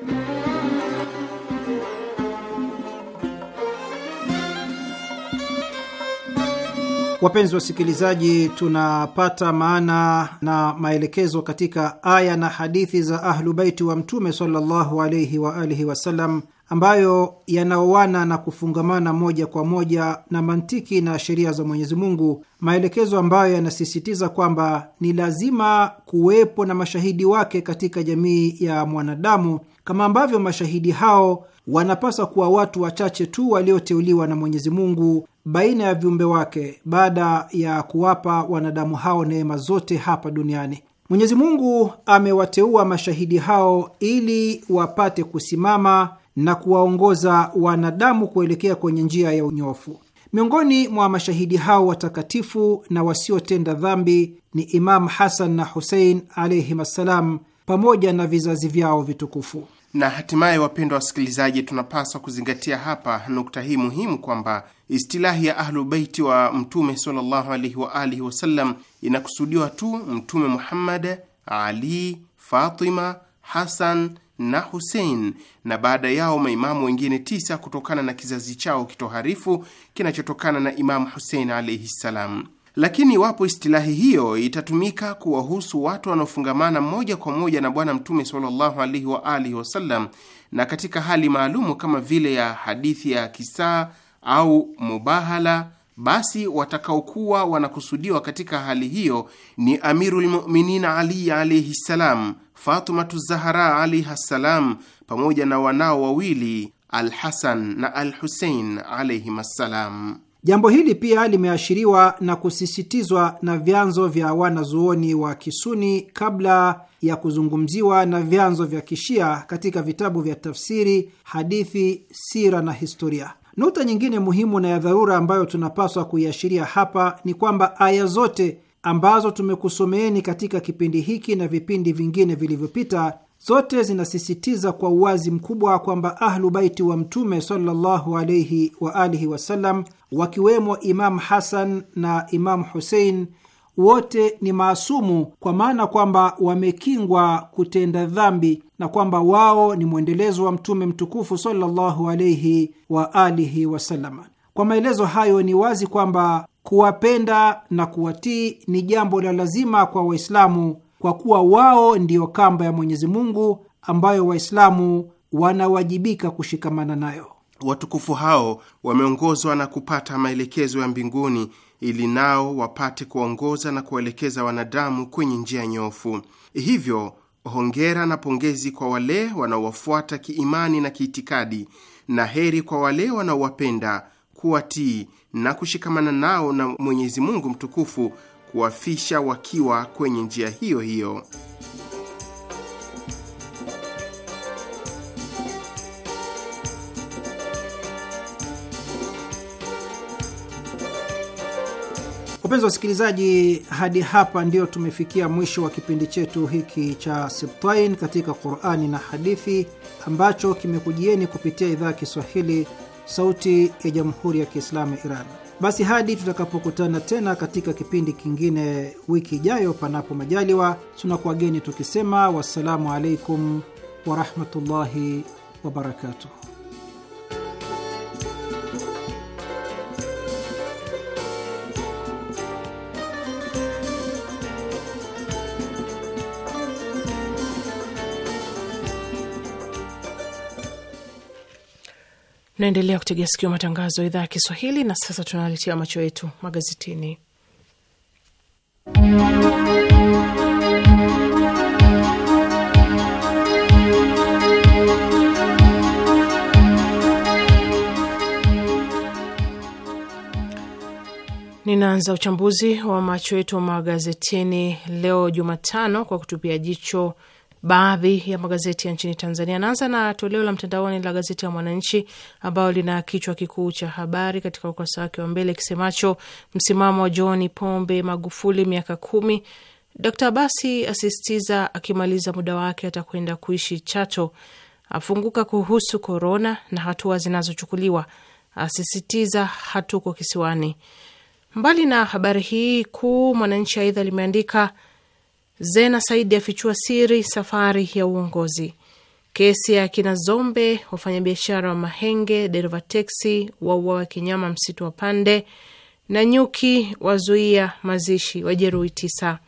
Wapenzi wasikilizaji, tunapata maana na maelekezo katika aya na hadithi za Ahlubaiti wa Mtume sallallahu alaihi wa alihi wasallam ambayo yanaoana na kufungamana moja kwa moja na mantiki na sheria za Mwenyezi Mungu, maelekezo ambayo yanasisitiza kwamba ni lazima kuwepo na mashahidi wake katika jamii ya mwanadamu, kama ambavyo mashahidi hao wanapaswa kuwa watu wachache tu walioteuliwa na Mwenyezi Mungu baina ya viumbe wake baada ya kuwapa wanadamu hao neema zote hapa duniani. Mwenyezi Mungu amewateua mashahidi hao ili wapate kusimama na kuwaongoza wanadamu kuelekea kwenye njia ya unyofu. Miongoni mwa mashahidi hao watakatifu na wasiotenda dhambi ni Imam Hasan na Husein alaihim assalam, pamoja na vizazi vyao vitukufu. Na hatimaye, wapendwa wasikilizaji, tunapaswa kuzingatia hapa nukta hii muhimu kwamba istilahi ya Ahlubeiti wa Mtume sallallahu alaihi wa alihi wasallam inakusudiwa tu Mtume Muhammad, Ali, Fatima, Hasan na Hussein na baada yao maimamu wengine tisa kutokana na kizazi chao kitoharifu kinachotokana na Imamu Hussein alaihi ssalam. Lakini iwapo istilahi hiyo itatumika kuwahusu watu wanaofungamana moja kwa moja na Bwana Mtume sallallahu alaihi wa alihi wasallam na katika hali maalumu kama vile ya hadithi ya kisaa au mubahala, basi watakaokuwa wanakusudiwa katika hali hiyo ni Amirul Muminin Ali alaihi ssalam Fatumatu Zahara alaihi ssalam pamoja na wanao wawili Alhasan na Alhusein alaihim assalam. Jambo hili pia limeashiriwa na kusisitizwa na vyanzo vya wanazuoni wa Kisuni kabla ya kuzungumziwa na vyanzo vya Kishia katika vitabu vya tafsiri, hadithi, sira na historia. Nukta nyingine muhimu na ya dharura ambayo tunapaswa kuiashiria hapa ni kwamba aya zote ambazo tumekusomeeni katika kipindi hiki na vipindi vingine vilivyopita, zote zinasisitiza kwa uwazi mkubwa kwamba Ahlu Baiti wa Mtume sallallahu alaihi wa alihi wasallam, wakiwemo Imamu Hasan na Imamu Husein, wote ni maasumu, kwa maana kwamba wamekingwa kutenda dhambi na kwamba wao ni mwendelezo wa Mtume mtukufu sallallahu alaihi wa alihi wasallam. Kwa maelezo hayo ni wazi kwamba kuwapenda na kuwatii ni jambo la lazima kwa Waislamu kwa kuwa wao ndiyo kamba ya Mwenyezi Mungu ambayo Waislamu wanawajibika kushikamana nayo. Watukufu hao wameongozwa na kupata maelekezo ya mbinguni ili nao wapate kuwaongoza na kuwaelekeza wanadamu kwenye njia nyofu. Hivyo hongera na pongezi kwa wale wanaowafuata kiimani na kiitikadi, na heri kwa wale wanaowapenda kuwatii na kushikamana nao na Mwenyezi Mungu mtukufu kuwafisha wakiwa kwenye njia hiyo hiyo. Wapenzi wasikilizaji, hadi hapa ndio tumefikia mwisho wa kipindi chetu hiki cha Sibtain katika Qurani na Hadithi ambacho kimekujieni kupitia idhaa ya Kiswahili sauti ya jamhuri ya kiislamu ya Iran. Basi hadi tutakapokutana tena katika kipindi kingine wiki ijayo, panapo majaliwa, tunakuwageni tukisema wassalamu alaikum warahmatullahi wabarakatuh. Naendelea kutegea sikio matangazo ya idhaa ya Kiswahili. Na sasa tunaletea macho yetu magazetini. Ninaanza uchambuzi wa macho yetu magazetini leo Jumatano kwa kutupia jicho baadhi ya magazeti ya nchini Tanzania. Naanza na toleo la mtandaoni la gazeti la Mwananchi ambayo lina kichwa kikuu cha habari katika ukurasa wake wa mbele kisemacho msimamo wa John Pombe Magufuli miaka kumi. Dkt Abasi asisitiza akimaliza muda wake atakwenda kuishi Chato, afunguka kuhusu korona na hatua zinazochukuliwa, asisitiza hatuko kisiwani. Mbali na habari hii kuu, Mwananchi aidha limeandika Zena Saidi afichua siri safari ya uongozi. Kesi ya kina Zombe, wafanyabiashara wa Mahenge, dereva teksi wauawa kinyama msitu wa Pande, na nyuki wazuia mazishi wajeruhi tisa.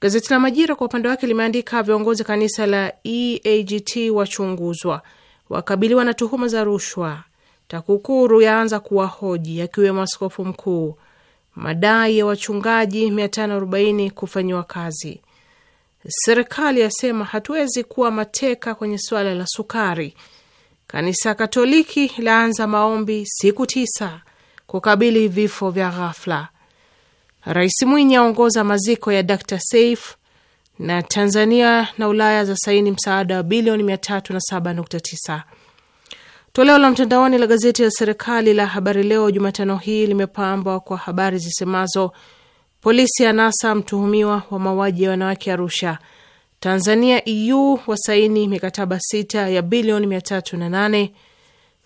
Gazeti la Majira kwa upande wake limeandika viongozi kanisa la EAGT wachunguzwa, wakabiliwa na tuhuma za rushwa. TAKUKURU yaanza kuwahoji akiwemo askofu mkuu madai ya wachungaji 540 kufanyiwa kazi. Serikali yasema hatuwezi kuwa mateka kwenye suala la sukari. Kanisa Katoliki laanza maombi siku tisa kukabili vifo vya ghafla. Rais Mwinyi aongoza maziko ya Dr saif na Tanzania na Ulaya za saini msaada wa bilioni 307.9. Toleo la mtandaoni la gazeti la serikali la Habari Leo Jumatano hii limepambwa kwa habari zisemazo: polisi anasa mtuhumiwa wa mauaji ya wanawake Arusha, Tanzania EU wasaini mikataba sita ya bilioni mia tatu na nane,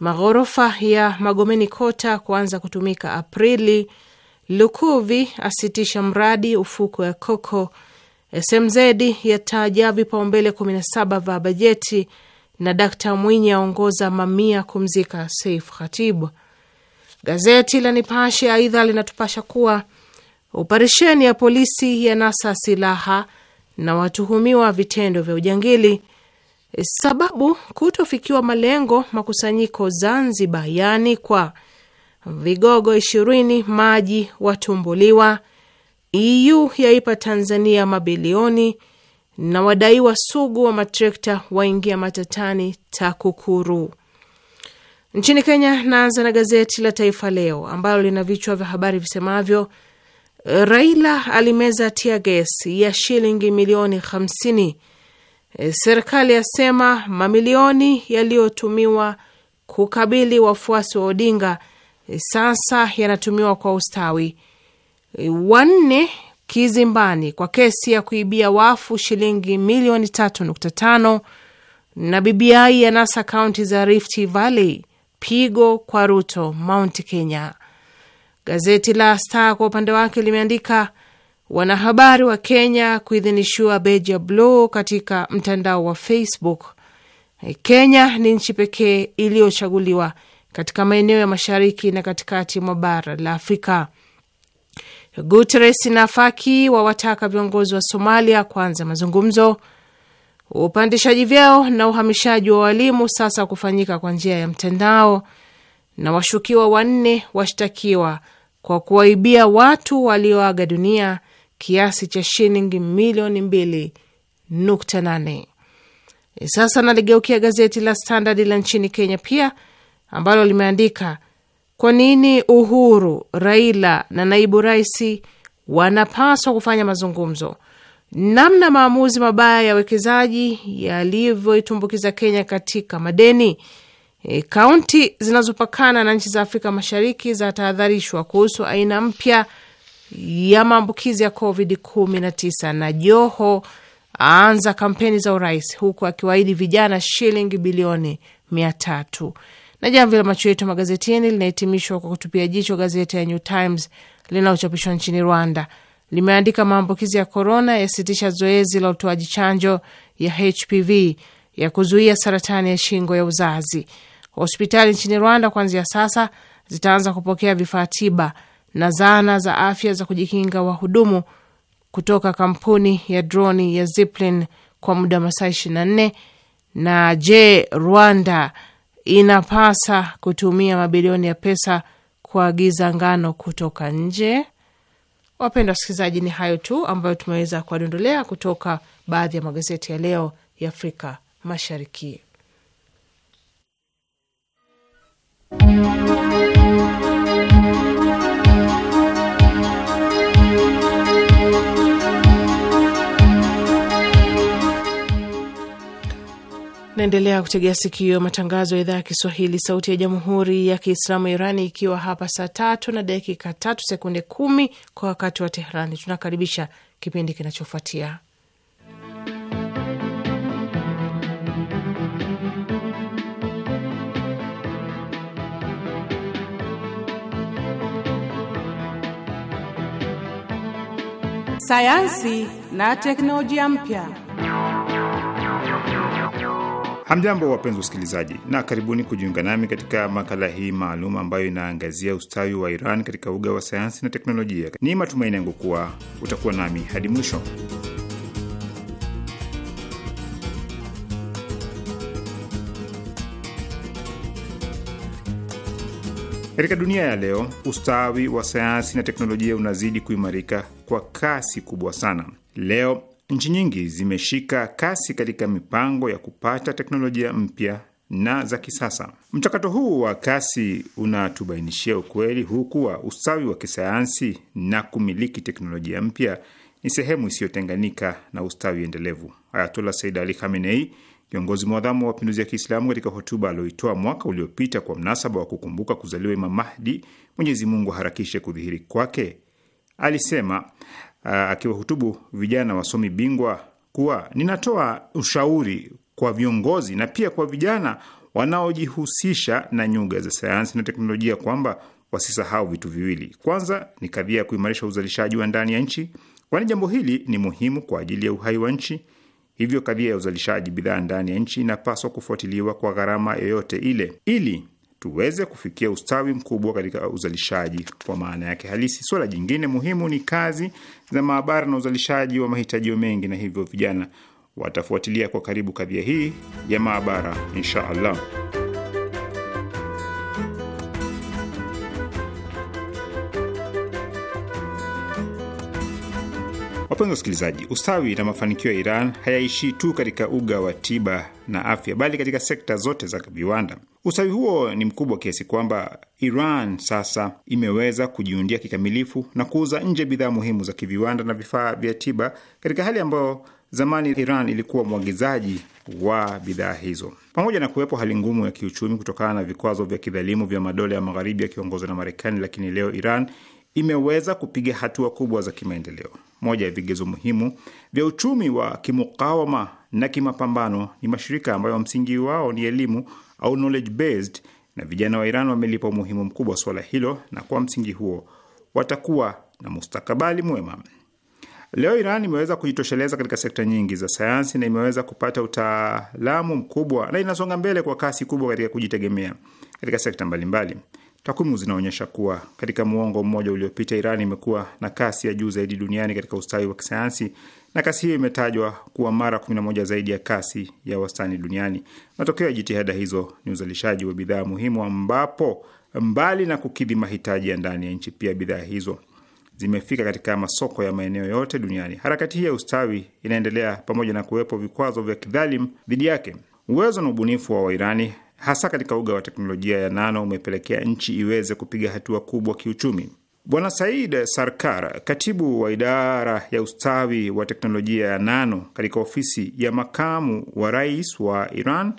maghorofa ya Magomeni Kota kuanza kutumika Aprili, Lukuvi asitisha mradi ufuko wa Koko, SMZ yataja vipaumbele 17 vya bajeti na Dakta Mwinyi aongoza mamia kumzika Seif Khatibu. Gazeti la Nipashe aidha linatupasha kuwa operesheni ya polisi ya nasa silaha na watuhumiwa vitendo vya ujangili. Sababu kutofikiwa malengo makusanyiko Zanzibar, yani kwa vigogo ishirini maji watumbuliwa. EU yaipa Tanzania mabilioni na wadaiwa sugu wa matrekta waingia matatani TAKUKURU. Nchini Kenya, naanza na gazeti la Taifa Leo ambalo lina vichwa vya habari visemavyo: Raila alimeza tiages ya shilingi milioni 50, serikali yasema mamilioni yaliyotumiwa kukabili wafuasi wa Odinga sasa yanatumiwa kwa ustawi, wanne kizimbani kwa kesi ya kuibia wafu shilingi milioni 3.5 na BBI ya nasa kaunti za Rift Valley, pigo kwa Ruto Mount Kenya. Gazeti la Star kwa upande wake limeandika wanahabari wa Kenya kuidhinishiwa beji ya bluu katika mtandao wa Facebook. Kenya ni nchi pekee iliyochaguliwa katika maeneo ya mashariki na katikati mwa bara la Afrika Guterres na Faki wawataka viongozi wa Somalia kuanza mazungumzo. Upandishaji vyao na uhamishaji wa walimu sasa kufanyika kwa njia ya mtandao. Na washukiwa wanne washtakiwa kwa kuwaibia watu walioaga dunia kiasi cha shilingi milioni mbili nukta nane. Sasa naligeukia gazeti la Standard la nchini Kenya pia ambalo limeandika kwa nini Uhuru, Raila na naibu rais wanapaswa kufanya mazungumzo? Namna maamuzi mabaya ya wekezaji yalivyoitumbukiza Kenya katika madeni. E, kaunti zinazopakana na nchi za Afrika Mashariki zatahadharishwa kuhusu aina mpya ya maambukizi ya Covid 19 na Joho aanza kampeni za urais huku akiwaahidi vijana shilingi bilioni mia tatu. Na jamvi la macho yetu magazetini linahitimishwa kwa kutupia jicho gazeti ya New Times linalochapishwa nchini Rwanda. Limeandika maambukizi ya korona yasitisha zoezi la utoaji chanjo ya HPV ya kuzuia saratani ya shingo ya uzazi. Hospitali nchini Rwanda kuanzia sasa zitaanza kupokea vifaa tiba na zana za afya za kujikinga wahudumu kutoka kampuni ya droni ya Zipline kwa muda wa masaa 24. Na je, Rwanda inapasa kutumia mabilioni ya pesa kuagiza ngano kutoka nje. wapenda wasikilizaji, ni hayo tu ambayo tumeweza kuwadondolea kutoka baadhi ya magazeti ya leo ya Afrika Mashariki. Naendelea kutegea sikio matangazo ya idhaa ya Kiswahili, sauti ya jamhuri ya kiislamu Irani, ikiwa hapa saa tatu na dakika tatu sekunde kumi kwa wakati wa Teherani. Tunakaribisha kipindi kinachofuatia sayansi na teknolojia mpya. Hamjambo, wapenzi wasikilizaji, na karibuni kujiunga nami katika makala hii maalum ambayo inaangazia ustawi wa Iran katika uga wa sayansi na teknolojia. Ni matumaini yangu kuwa utakuwa nami hadi mwisho. Katika dunia ya leo, ustawi wa sayansi na teknolojia unazidi kuimarika kwa kasi kubwa sana. Leo nchi nyingi zimeshika kasi katika mipango ya kupata teknolojia mpya na za kisasa. Mchakato huu wa kasi unatubainishia ukweli huu kuwa ustawi wa kisayansi na kumiliki teknolojia mpya ni sehemu isiyotenganika na ustawi endelevu. Ayatollah Said Ali Khamenei, kiongozi mwadhamu wa mapinduzi ya Kiislamu, katika hotuba alioitoa mwaka uliopita kwa mnasaba wa kukumbuka kuzaliwa Imam Mahdi, Mwenyezi Mungu aharakishe kudhihiri kwake, alisema Uh, akiwahutubu vijana wasomi bingwa kuwa ninatoa ushauri kwa viongozi na pia kwa vijana wanaojihusisha na nyuga za sayansi na teknolojia kwamba wasisahau vitu viwili. Kwanza ni kadhia ya kuimarisha uzalishaji wa ndani ya nchi, kwani jambo hili ni muhimu kwa ajili ya uhai wa nchi. Hivyo, kadhia ya uzalishaji bidhaa ndani ya nchi inapaswa kufuatiliwa kwa gharama yoyote ile, ili tuweze kufikia ustawi mkubwa katika uzalishaji kwa maana yake halisi. Suala jingine muhimu ni kazi za maabara na uzalishaji wa mahitajio mengi, na hivyo vijana watafuatilia kwa karibu kadhia hii ya maabara, insha Allah. Wapenzi wasikilizaji, ustawi na mafanikio ya Iran hayaishii tu katika uga wa tiba na afya, bali katika sekta zote za viwanda. Ustawi huo ni mkubwa kiasi kwamba Iran sasa imeweza kujiundia kikamilifu na kuuza nje bidhaa muhimu za kiviwanda na vifaa vya tiba, katika hali ambayo zamani Iran ilikuwa mwagizaji wa bidhaa hizo. Pamoja na kuwepo hali ngumu ya kiuchumi kutokana na vikwazo vya kidhalimu vya madola ya Magharibi yakiongozwa na Marekani, lakini leo Iran imeweza kupiga hatua kubwa za kimaendeleo. Moja ya vigezo muhimu vya uchumi wa kimukawama na kimapambano ni mashirika ambayo msingi wao ni elimu au knowledge based, na vijana wa Iran wamelipa umuhimu mkubwa suala hilo, na kwa msingi huo watakuwa na mustakabali mwema. Leo Iran imeweza kujitosheleza katika sekta nyingi za sayansi na imeweza kupata utaalamu mkubwa na inasonga mbele kwa kasi kubwa katika kujitegemea katika sekta mbalimbali mbali. Takwimu zinaonyesha kuwa katika muongo mmoja uliopita, Iran imekuwa na kasi ya juu zaidi duniani katika ustawi wa kisayansi, na kasi hiyo imetajwa kuwa mara 11 zaidi ya kasi ya wastani duniani. Matokeo ya jitihada hizo ni uzalishaji wa bidhaa muhimu, ambapo mbali na kukidhi mahitaji ya ndani ya nchi, pia bidhaa hizo zimefika katika masoko ya maeneo yote duniani. Harakati hii ya ustawi inaendelea pamoja na kuwepo vikwazo vya kidhalim dhidi yake. Uwezo na ubunifu wa Wairani hasa katika uga wa teknolojia ya nano umepelekea nchi iweze kupiga hatua kubwa kiuchumi. Bwana Said Sarkar, katibu wa idara ya ustawi wa teknolojia ya nano katika ofisi ya makamu wa rais wa Iran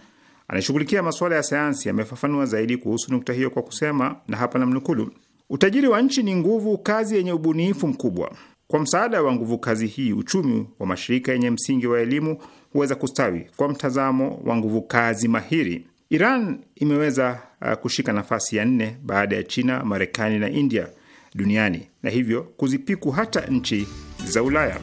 anayeshughulikia masuala ya sayansi, amefafanua zaidi kuhusu nukta hiyo kwa kusema, na hapa namnukulu: utajiri wa nchi ni nguvu kazi yenye ubunifu mkubwa. Kwa msaada wa nguvu kazi hii, uchumi wa mashirika yenye msingi wa elimu huweza kustawi kwa mtazamo wa nguvu kazi mahiri. Iran imeweza uh, kushika nafasi ya nne baada ya China, Marekani na India duniani na hivyo kuzipiku hata nchi za Ulaya.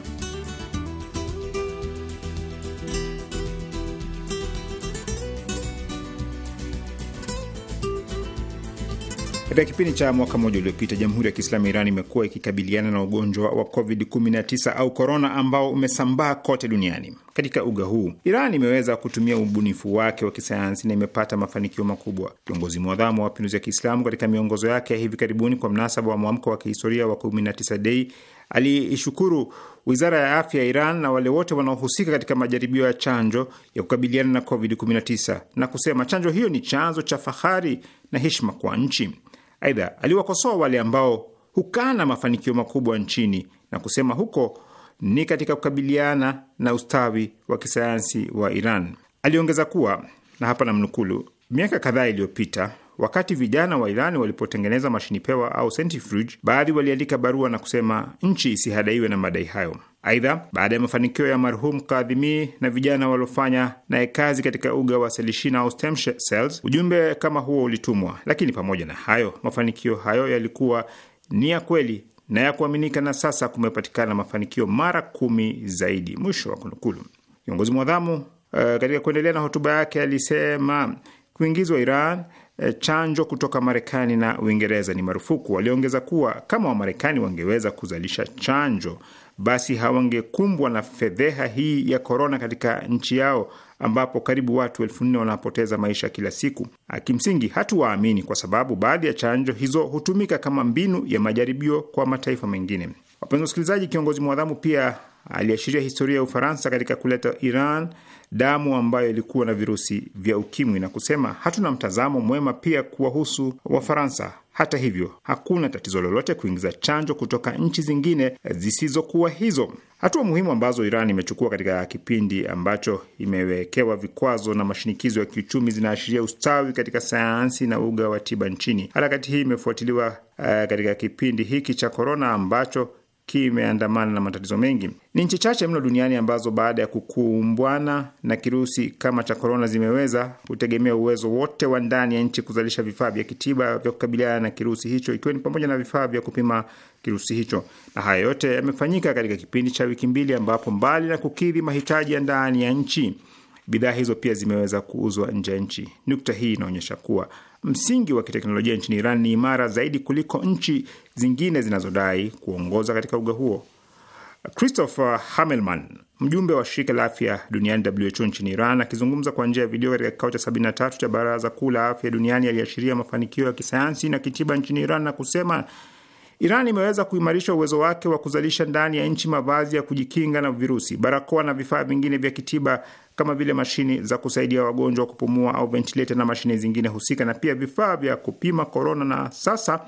Katika kipindi cha mwaka mmoja uliopita, Jamhuri ya Kiislamu ya Iran imekuwa ikikabiliana na ugonjwa wa COVID-19 au korona ambao umesambaa kote duniani. Katika uga huu, Iran imeweza kutumia ubunifu wake wa kisayansi na imepata mafanikio makubwa. Kiongozi mwadhamu wa mapinduzi ya Kiislamu katika miongozo yake ya hivi karibuni kwa mnasaba wa mwamko wa kihistoria wa 19 Dei aliishukuru wizara ya afya ya Iran na wale wote wanaohusika katika majaribio ya chanjo ya kukabiliana na COVID-19 na kusema chanjo hiyo ni chanzo cha fahari na heshima kwa nchi. Aidha, aliwakosoa wale ambao hukana mafanikio makubwa nchini na kusema huko ni katika kukabiliana na ustawi wa kisayansi wa Iran. Aliongeza kuwa na hapa namnukulu, miaka kadhaa iliyopita Wakati vijana wa Irani walipotengeneza mashini pewa au centrifuge, baadhi waliandika barua na kusema nchi isihadaiwe na madai hayo. Aidha, baada ya mafanikio ya marhum Kadhimi na vijana waliofanya naye kazi katika uga wa selishina au stem cells, ujumbe kama huo ulitumwa. Lakini pamoja na hayo, mafanikio hayo yalikuwa ni ya kweli na ya kuaminika, na sasa kumepatikana mafanikio mara kumi zaidi. Mwisho wa kunukulu. Kiongozi mwadhamu uh, katika kuendelea na hotuba yake alisema kuingizwa Iran Eh, chanjo kutoka Marekani na Uingereza ni marufuku. Waliongeza kuwa kama Wamarekani wangeweza kuzalisha chanjo, basi hawangekumbwa na fedheha hii ya korona katika nchi yao ambapo karibu watu elfu nne wanapoteza maisha kila siku. Kimsingi hatuwaamini kwa sababu baadhi ya chanjo hizo hutumika kama mbinu ya majaribio kwa mataifa mengine. Wapenzi wasikilizaji, kiongozi mwadhamu pia aliashiria historia ya Ufaransa katika kuleta Iran damu ambayo ilikuwa na virusi vya ukimwi na kusema hatuna mtazamo mwema pia kuwahusu Wafaransa. Hata hivyo, hakuna tatizo lolote kuingiza chanjo kutoka nchi zingine zisizokuwa hizo. Hatua muhimu ambazo Iran imechukua katika kipindi ambacho imewekewa vikwazo na mashinikizo ya kiuchumi zinaashiria ustawi katika sayansi na uga wa tiba nchini. Harakati hii imefuatiliwa uh, katika kipindi hiki cha korona ambacho kimeandamana na matatizo mengi. Ni nchi chache mno duniani ambazo baada ya kukumbwana na kirusi kama cha korona zimeweza kutegemea uwezo wote wa ndani ya nchi kuzalisha vifaa vya kitiba vya kukabiliana na kirusi hicho, ikiwa ni pamoja na vifaa vya kupima kirusi hicho. Na haya yote yamefanyika katika kipindi cha wiki mbili, ambapo mbali na kukidhi mahitaji ya ndani ya nchi, bidhaa hizo pia zimeweza kuuzwa nje ya nchi. Nukta hii inaonyesha kuwa msingi wa kiteknolojia nchini Iran ni imara zaidi kuliko nchi zingine zinazodai kuongoza katika uga huo. Christopher Hamelman, mjumbe wa shirika la afya duniani WHO nchini Iran, akizungumza kwa njia ya video katika kikao cha 73 cha baraza kuu la afya duniani, aliashiria mafanikio ya kisayansi na kitiba nchini Iran na kusema Iran imeweza kuimarisha uwezo wake wa kuzalisha ndani ya nchi mavazi ya kujikinga na virusi, barakoa na vifaa vingine vya kitiba kama vile mashini za kusaidia wagonjwa kupumua au ventilator na mashine zingine husika, na pia vifaa vya kupima korona, na sasa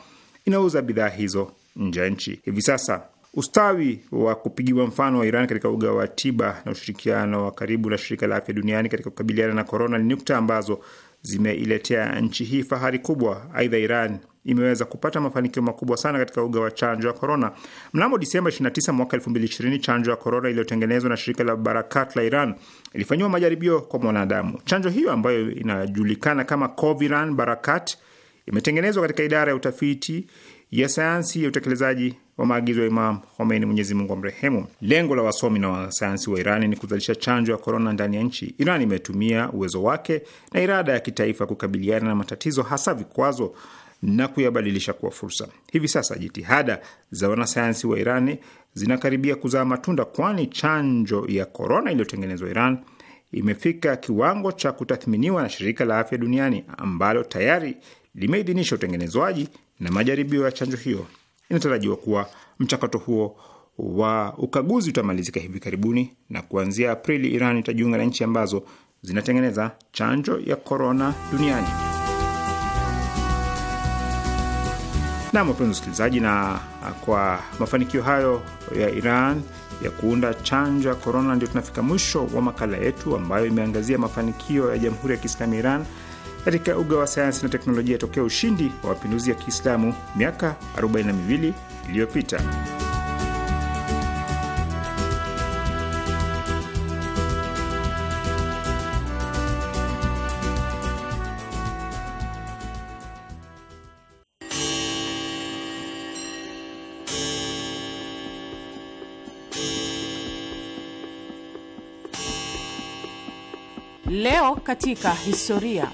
inauza bidhaa hizo nje ya nchi. Hivi sasa ustawi wa kupigiwa mfano wa Iran katika uga wa tiba na ushirikiano wa karibu na shirika la afya duniani katika kukabiliana na korona ni nukta ambazo zimeiletea nchi hii fahari kubwa. Aidha, Iran imeweza kupata mafanikio makubwa sana katika uga wa chanjo ya korona. Mnamo Disemba 29 mwaka 2020, chanjo ya korona iliyotengenezwa na shirika la Barakat la Iran ilifanyiwa majaribio kwa mwanadamu. Chanjo hiyo ambayo inajulikana kama Coviran Barakat imetengenezwa katika idara ya utafiti ya sayansi ya utekelezaji wa maagizo ya Imam Khomeini, Mwenyezi Mungu amrehemu. Lengo la wasomi na wanasayansi wa Irani ni kuzalisha chanjo ya korona ndani ya nchi. Iran imetumia uwezo wake na irada ya kitaifa kukabiliana na matatizo, hasa vikwazo na kuyabadilisha kuwa fursa. Hivi sasa jitihada za wanasayansi wa Irani zinakaribia kuzaa matunda, kwani chanjo ya korona iliyotengenezwa Iran imefika kiwango cha kutathminiwa na shirika la afya duniani ambalo tayari limeidhinisha utengenezwaji na majaribio ya chanjo hiyo. Inatarajiwa kuwa mchakato huo wa ukaguzi utamalizika hivi karibuni, na kuanzia Aprili Iran itajiunga na nchi ambazo zinatengeneza chanjo ya korona duniani. Nam, wapenzi wasikilizaji, na uh, kwa mafanikio hayo ya Iran ya kuunda chanjo ya korona, ndio tunafika mwisho wa makala yetu ambayo imeangazia mafanikio ya Jamhuri ya Kiislamu ya Iran katika uga wa sayansi na teknolojia tokea ushindi wa mapinduzi ya Kiislamu miaka 42 iliyopita. katika historia.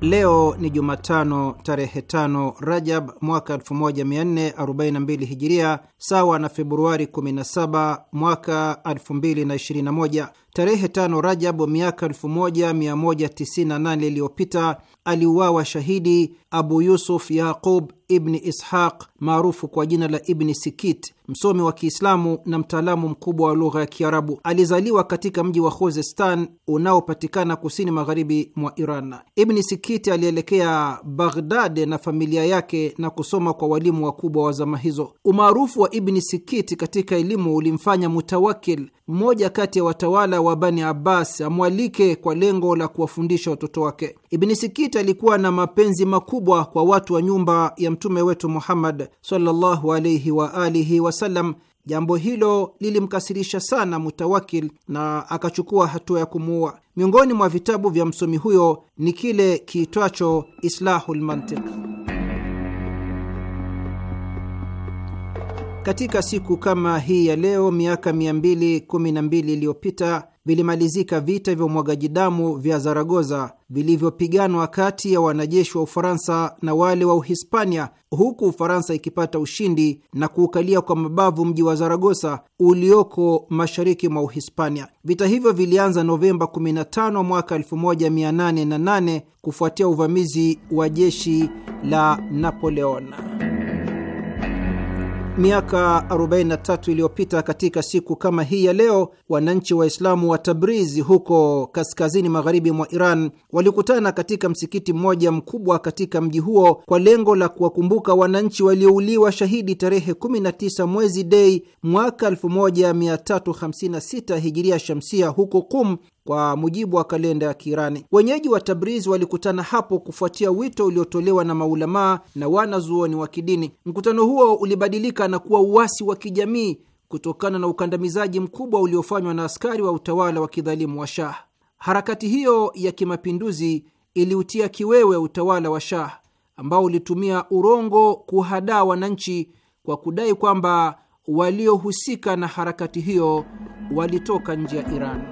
Leo ni Jumatano tarehe tano Rajab mwaka 1442 Hijiria, sawa na Februari 17 mwaka 2021. Tarehe tano Rajabu miaka 1198 iliyopita aliuawa shahidi Abu Yusuf Yaqub Ibni Ishaq maarufu kwa jina la Ibni Sikit, msomi wa Kiislamu na mtaalamu mkubwa wa lugha ya Kiarabu. Alizaliwa katika mji wa Khuzestan unaopatikana kusini magharibi mwa Iran. Ibni Sikit alielekea Baghdad na familia yake na kusoma kwa walimu wakubwa wa zama hizo. Umaarufu wa Ibni Sikit katika elimu ulimfanya Mutawakil, mmoja kati ya watawala wa Bani Abbas amwalike kwa lengo la kuwafundisha watoto wake. Ibni sikit alikuwa na mapenzi makubwa kwa watu wa nyumba ya mtume wetu Muhammad sallallahu alaihi wa alihi wasallam. Jambo hilo lilimkasirisha sana Mutawakil na akachukua hatua ya kumuua. Miongoni mwa vitabu vya msomi huyo ni kile kiitwacho Islahul Mantiq. Katika siku kama hii ya leo miaka 212 iliyopita vilimalizika vita vya umwagaji damu vya Zaragoza vilivyopiganwa kati ya wanajeshi wa Ufaransa na wale wa Uhispania, huku Ufaransa ikipata ushindi na kuukalia kwa mabavu mji wa Zaragoza ulioko mashariki mwa Uhispania. Vita hivyo vilianza Novemba 15 mwaka 1808 kufuatia uvamizi wa jeshi la Napoleon. Miaka 43 iliyopita katika siku kama hii ya leo, wananchi Waislamu wa Tabrizi huko kaskazini magharibi mwa Iran walikutana katika msikiti mmoja mkubwa katika mji huo kwa lengo la kuwakumbuka wananchi waliouliwa shahidi tarehe 19 mwezi Dei mwaka 1356 hijiria shamsia huko Kum, kwa mujibu wa kalenda ya Kiirani. Wenyeji wa Tabriz walikutana hapo kufuatia wito uliotolewa na maulamaa na wanazuoni wa kidini. Mkutano huo ulibadilika na kuwa uasi wa kijamii kutokana na ukandamizaji mkubwa uliofanywa na askari wa utawala wa kidhalimu wa Shah. Harakati hiyo ya kimapinduzi iliutia kiwewe utawala wa Shah ambao ulitumia urongo kuhadaa wananchi kwa kudai kwamba waliohusika na harakati hiyo walitoka nje ya Iran.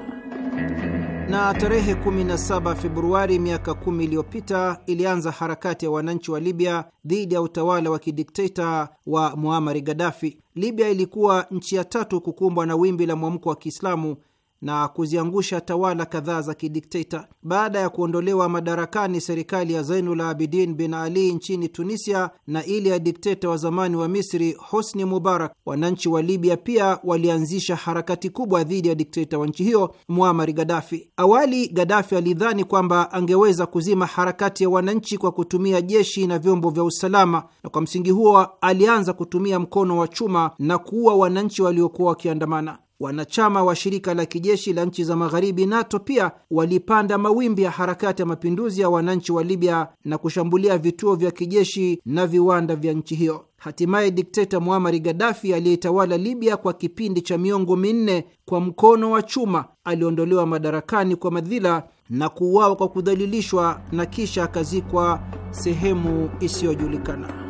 Na tarehe 17 Februari miaka kumi iliyopita ilianza harakati ya wananchi wa Libya dhidi ya utawala wa kidikteta wa Muamari Gaddafi. Libya ilikuwa nchi ya tatu kukumbwa na wimbi la mwamko wa Kiislamu na kuziangusha tawala kadhaa za kidikteta. Baada ya kuondolewa madarakani serikali ya Zainul Abidin bin Ali nchini Tunisia na ile ya dikteta wa zamani wa Misri Hosni Mubarak, wananchi wa Libya pia walianzisha harakati kubwa dhidi ya dikteta wa nchi hiyo Muamari Gadafi. Awali Gadafi alidhani kwamba angeweza kuzima harakati ya wananchi kwa kutumia jeshi na vyombo vya usalama, na kwa msingi huo alianza kutumia mkono wa chuma na kuua wananchi waliokuwa wakiandamana. Wanachama wa shirika la kijeshi la nchi za magharibi NATO pia walipanda mawimbi ya harakati ya mapinduzi ya wananchi wa Libya na kushambulia vituo vya kijeshi na viwanda vya nchi hiyo. Hatimaye dikteta Muamari Gadafi aliyetawala Libya kwa kipindi cha miongo minne kwa mkono wa chuma aliondolewa madarakani kwa madhila na kuuawa kwa kudhalilishwa na kisha akazikwa sehemu isiyojulikana.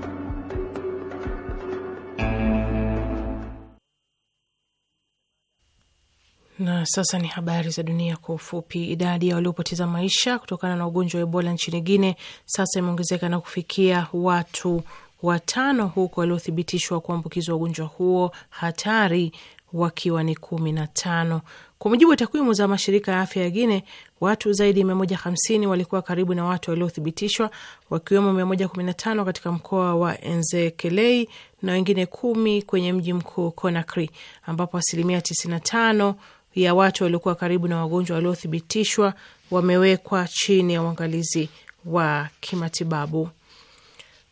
Na sasa ni habari za dunia kwa ufupi. Idadi ya waliopoteza maisha kutokana na ugonjwa wa Ebola nchini Guine sasa imeongezeka na kufikia watu watano, huku waliothibitishwa kuambukizwa ugonjwa huo hatari wakiwa ni kumi na tano. Kwa mujibu wa takwimu za mashirika ya afya ya Guine, watu zaidi ya hamsini walikuwa karibu na watu waliothibitishwa, wakiwemo 115 katika mkoa wa Nzekelei na wengine kumi kwenye mji mkuu Conakry, ambapo asilimia 95 ya watu waliokuwa karibu na wagonjwa waliothibitishwa wamewekwa chini ya uangalizi wa kimatibabu.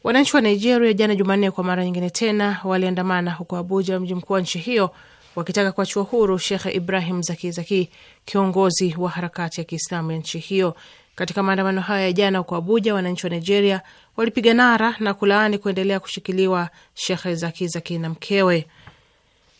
Wananchi wa Nigeria jana Jumanne kwa mara nyingine tena waliandamana huko Abuja, mji mkuu wa nchi hiyo, wakitaka kuachiwa huru Shekhe Ibrahim Zaki Zaki, kiongozi wa harakati ya Kiislamu ya nchi hiyo. Katika maandamano hayo ya jana huko Abuja, wananchi wa Nigeria walipiga nara na kulaani kuendelea kushikiliwa Shekhe Zaki Zaki na mkewe.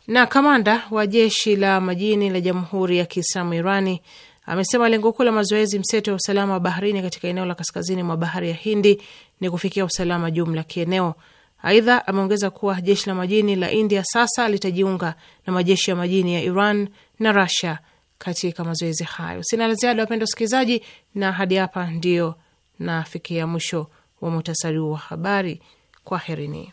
Na kamanda wa jeshi la majini la Jamhuri ya Kiislamu Irani amesema lengo kuu la mazoezi mseto ya usalama wa baharini katika eneo la kaskazini mwa bahari ya Hindi ni kufikia usalama jumla kieneo. Aidha, ameongeza kuwa jeshi la majini la India sasa litajiunga na majeshi ya majini ya Iran na rasia katika mazoezi hayo. Sina la ziada, wapenda wasikilizaji, na hadi hapa ndio nafikia mwisho wa muhtasari huu wa habari. Kwaherini.